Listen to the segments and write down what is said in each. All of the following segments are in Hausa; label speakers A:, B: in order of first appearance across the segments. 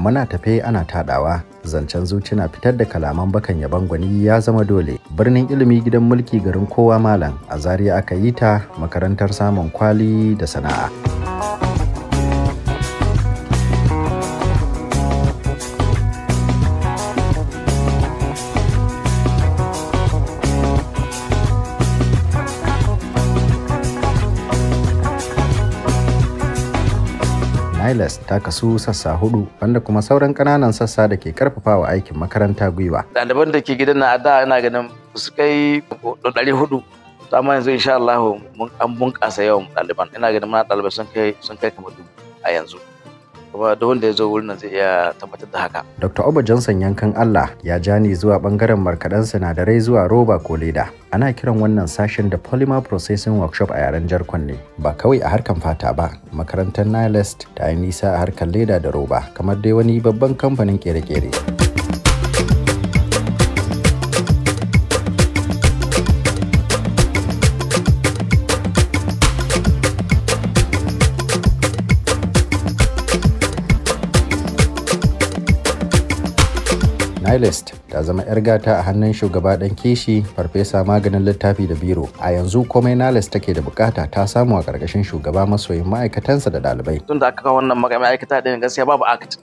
A: muna tafe ana taɗawa zancen zuci na fitar da kalaman bakan yaban gwani ya zama dole birnin ilimi gidan mulki garin kowa malam a zariya aka yi ta makarantar samun kwali da sana'a hilas ta kasu sassa hudu wanda kuma sauran kananan sassa da ke karfafa wa aikin makaranta gwiwa.
B: Ɗaliban da ke gidan na da yana ganin su kai ɗari hudu amma yanzu insha Allah an bunƙasa yawan ɗaliban ina ganin mana ɗalibai sun kai sun kai kamar dubu a yanzu. kuma da wanda ya zo wurin nan zai iya tabbatar da
A: haka. Dr. Oba Johnson yankan Allah ya ja ni zuwa bangaren markaɗen sinadarai zuwa roba ko leda. Ana kiran wannan sashen da Polymer Processing Workshop a yaren Jarkon ne. Ba kawai a harkan fata ba, makarantar Nihilist ta yi nisa a harkar leda da roba, kamar dai wani babban kamfanin kere-kere. Island ta zama 'yar gata a hannun shugaba dan kishi farfesa maganin littafi da biro. A yanzu komai nalis take da bukata ta samu a karkashin shugaba masoyin ma'aikatansa da ɗalibai.
B: Tun da aka kawo wannan ma'aikata ɗin gaskiya babu act.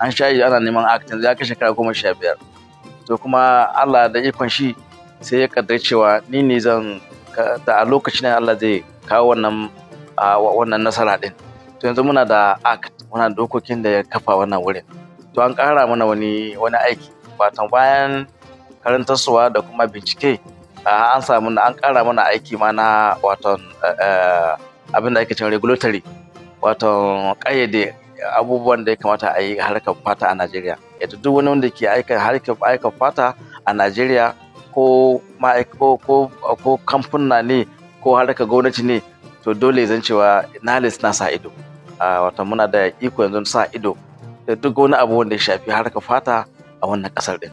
B: An sha ana neman act yanzu ya kai shekara goma sha biyar. To kuma Allah da ikon shi sai ya kaddar cewa ni ne zan da a lokacin Allah zai kawo wannan wannan nasara din to yanzu muna da act muna dokokin da ya kafa wannan wurin to an kara mana wani wani aiki watan bayan karantarsuwa da kuma bincike an samu an ƙara mana aiki ma na wato eh, eh, abin da ake cin regulatory wato ƙayyade abubuwan da ya kamata a yi harkar fata a Najeriya. Yadda duk wani wanda ke aika aika fata a Najeriya ko ko kamfuna ne ko harkar gwamnati ne to dole zan cewa nalis na sa ido. Wato muna da iko yanzu sa ido da duk wani abu wanda ya shafi harkar fata a wannan kasar din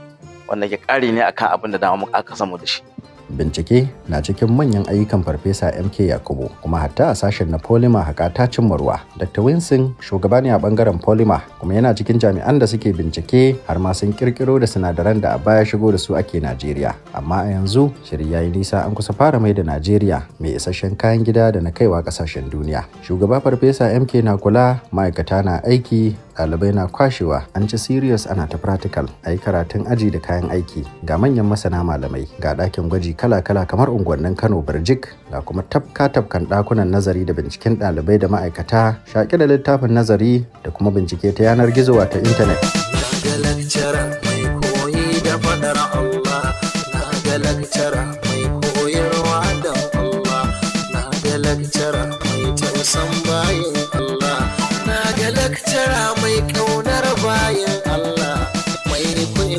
B: wannan ke kare ne akan abin da dama aka samu da shi
A: bincike na cikin manyan ayyukan farfesa mk yakubu kuma hatta a sashen na polymer haka ta cimma ruwa dr winson shugaba ne a bangaren polymer kuma yana cikin jami'an da suke bincike har ma sun kirkiro da sinadaran da a baya shigo da su ake najeriya amma a yanzu shirya ya yi nisa an kusa fara mai da najeriya mai isasshen kayan gida da na kaiwa kasashen duniya shugaba farfesa mk na kula ma'aikata na aiki ɗalibai na kwashewa an ci serious ana ta practical a yi karatun aji da kayan aiki ga manyan masana malamai ga ɗakin gwaji kala-kala kamar unguwannin kano birjik ga kuma tafka-tafkan ɗakunan nazari da binciken ɗalibai da ma'aikata shaƙi da littafin nazari da kuma bincike ta yanar gizo wato intanet.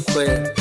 A: play